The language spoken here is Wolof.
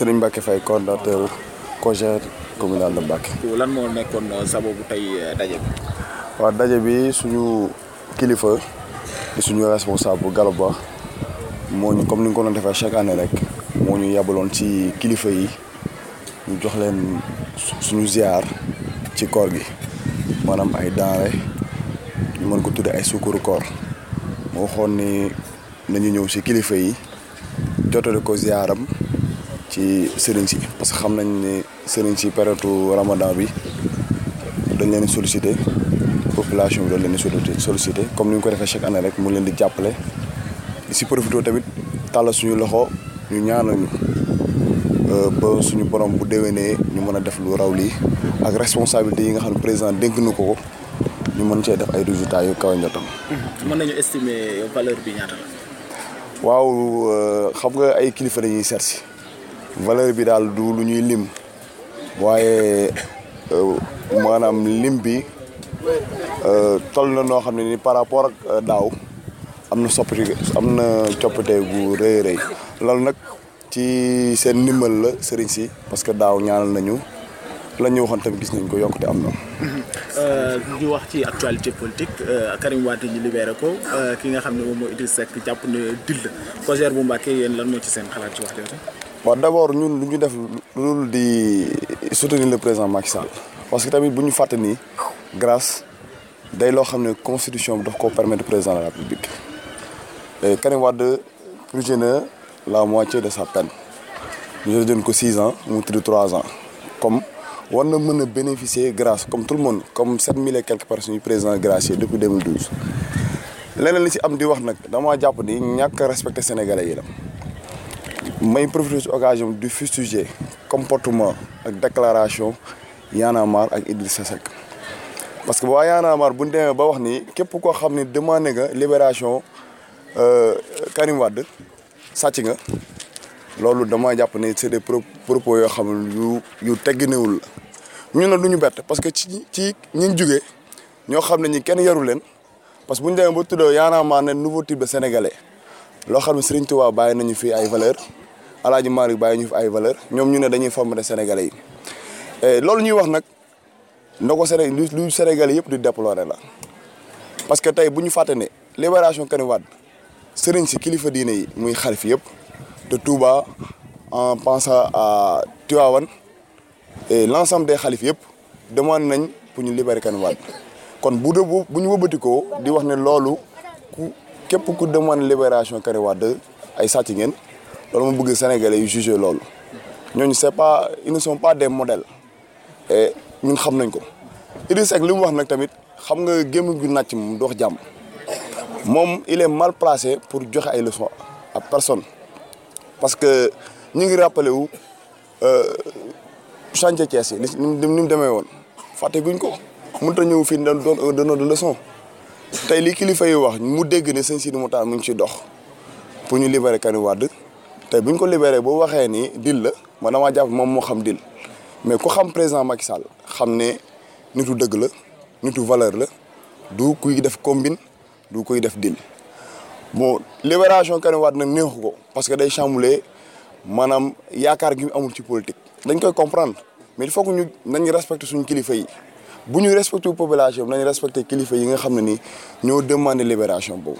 Serigne Mbacke Faye coordonnateur COJER communal de Mbacke. lan moo nekkoon euh, sababu tey euh, daje bi. waaw daje bi suñu kilifa di suñu responsable bu moo ñu comme ni nga ko doon defee chaque rek moo ñu yabaloon ci kilifa yi ñu jox leen suñu ziar ci koor gi maanaam ay denrée mën ko tuddee ay sukkuru koor moo waxoon ni nañu ñëw ci kilifa yi jotale ko ziaram. ci sëriñ si parce que xam nañ ne sëriñ si période ramadan bi dañ leen sollicité population bi dañ leen sollicité comme ni ñu ko defee chaque année rek mu leen di jàppale si profité tamit tàllal suñu loxo ñu ñaanal ñu euh, ba suñu borom bu ne ñu mën a def lu raw lii ak responsabilité yi nga xam ne président dénk na ko ko ñu mën cee def ay résultats yu kaw njottam. Mmh. mën nañu estimer valeur bi ñaata la. waaw euh, xam nga ay kilifa dañuy seet si valeur bi daal du lu ñuy lim waaye euh, maanaam lim bi euh, toll na noo xam ne ni par rapport ak euh, daaw am na soppite am na coppite bu rëy rëy loolu nag ci seen ndimbal la sëriñ si parce que daaw ñaanal nañu la ñu waxoon tamit gis nañ ko yokkute am na. ñu wax ci actualité politique Karim Wade ñu libéré ko ki nga xam ne moom mooy Idriss jàpp ne dil la Cojer bu Mbàkke yéen lan moo ci seen xalaat ci wax jooju. waa d' abord ñun lu ñu def loolu di soutenir le président Macky Sall parce que tamit bu ñu fàtte nii grâce day loo xam ne constitution bi daf ko permettre président de la république Karim Wade purgé na la moitié de sa peine ñu doon ko 6 ans mu tudd 3 ans comme war na mën a bénéficier grâce comme tout le monde comme 7000 et quelques personnes yu président gracié depuis 2012 leneen li si am di wax nag dama jàpp ni ñàkk respecte sénégalais yi la. may profité ci occasion du fustiger comportement ak déclaration Y'en a marre ak Idrissa parce que waa Y'en bu ñu demee ba wax ni képp koo xam ne demandé nga libération euh, Karim Wade sàcc nga loolu dama jàpp ne c'est des propos yoo xam ne yu yu tegginewul la ñu ne du ñu bett parce que ci ci ñi jugee ñoo xam ne ñi kenn yaru leen parce que bu ñu ba tuddoo Y'en a marre ne nouveau type de sénégalais loo xam ne Serigne Touba bàyyi nañu fii ay valeur Alaaji Malick bàyyi ñu fi ay valeur ñoom ñu ne dañuy former Sénégalais yi eh, loolu ñuy wax nag na ko Séné yëpp di déplorer la parce que tey bu ñu fàtte ne libération Karim Wade sëriñ si kilifa diine yi muy xalif yëpp de Touba en pensant à Tivaouane et l'ensemble des xalif yëpp demande nañ pour ñu libérer Karim Wade kon bu dee bu ñu wëbbatikoo di wax ne loolu ku képp ku demande libération Karim Wade ay sàcc ngeen. loolu ma bëgg Sénégalais yu jugé loolu ñooñu c'est pas ils ne sont pas des modèles et ñun xam nañ ko Idriss Seck li mu wax nag tamit xam nga gémm gu nàcc mu dox jàmm moom il est mal placé pour joxe ay leçons à personne parce que ñu ngi rappelé wu euh, chantier Thiès yi ni mu demee woon fàtte guñ ko mun ta ñëw fii dañ doon donneur de leçon tey li kilifa yi wax mu dégg ne sëñ Sidi Mokhtar mu ngi ciy dox pour ñu libérer Karim Wade tey bu ñu ko libéré boo waxee ni dil la man damaa jàpp moom moo xam dil mais ku xam président Macky Sall xam ne nitu dëgg la nitu valeur la du kuy def combine du yi def dil bon libération Karim Wade nag neexu ko parce que day chamboulé maanaam yaakaar gi mu amul ci politique. dañ koy comprendre mais il faut que ñu nañu respecté suñu kilifa yi bu ñuy respecté population nañu respecté kilifa yi nga xam ne ni ñoo demandé libération boobu.